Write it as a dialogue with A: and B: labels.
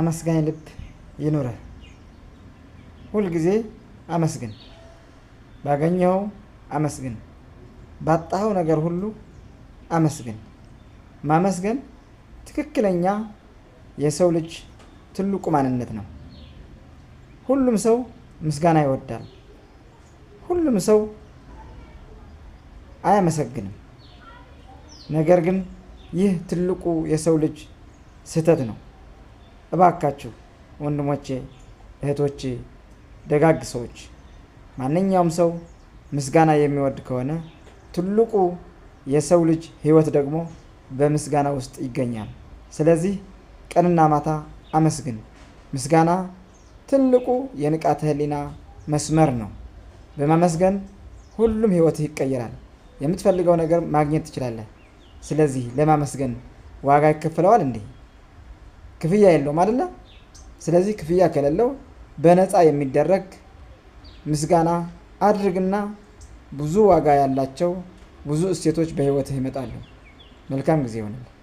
A: አመስጋኝ ልብ ይኑረ። ሁልጊዜ አመስግን። ባገኘው አመስግን። ባጣኸው ነገር ሁሉ አመስግን። ማመስገን ትክክለኛ የሰው ልጅ ትልቁ ማንነት ነው። ሁሉም ሰው ምስጋና ይወዳል። ሁሉም ሰው አያመሰግንም። ነገር ግን ይህ ትልቁ የሰው ልጅ ስህተት ነው። እባካችሁ ወንድሞቼ፣ እህቶቼ፣ ደጋግ ሰዎች፣ ማንኛውም ሰው ምስጋና የሚወድ ከሆነ ትልቁ የሰው ልጅ ህይወት ደግሞ በምስጋና ውስጥ ይገኛል። ስለዚህ ቀንና ማታ አመስግን። ምስጋና ትልቁ የንቃተ ህሊና መስመር ነው። በማመስገን ሁሉም ህይወትህ ይቀየራል። የምትፈልገው ነገር ማግኘት ትችላለህ። ስለዚህ ለማመስገን ዋጋ ይከፍለዋል እንዴ? ክፍያ የለውም አደለ? ስለዚህ ክፍያ ከሌለው በነፃ የሚደረግ ምስጋና አድርግና ብዙ ዋጋ ያላቸው ብዙ እሴቶች በህይወትህ ይመጣሉ። መልካም ጊዜ ይሆናል።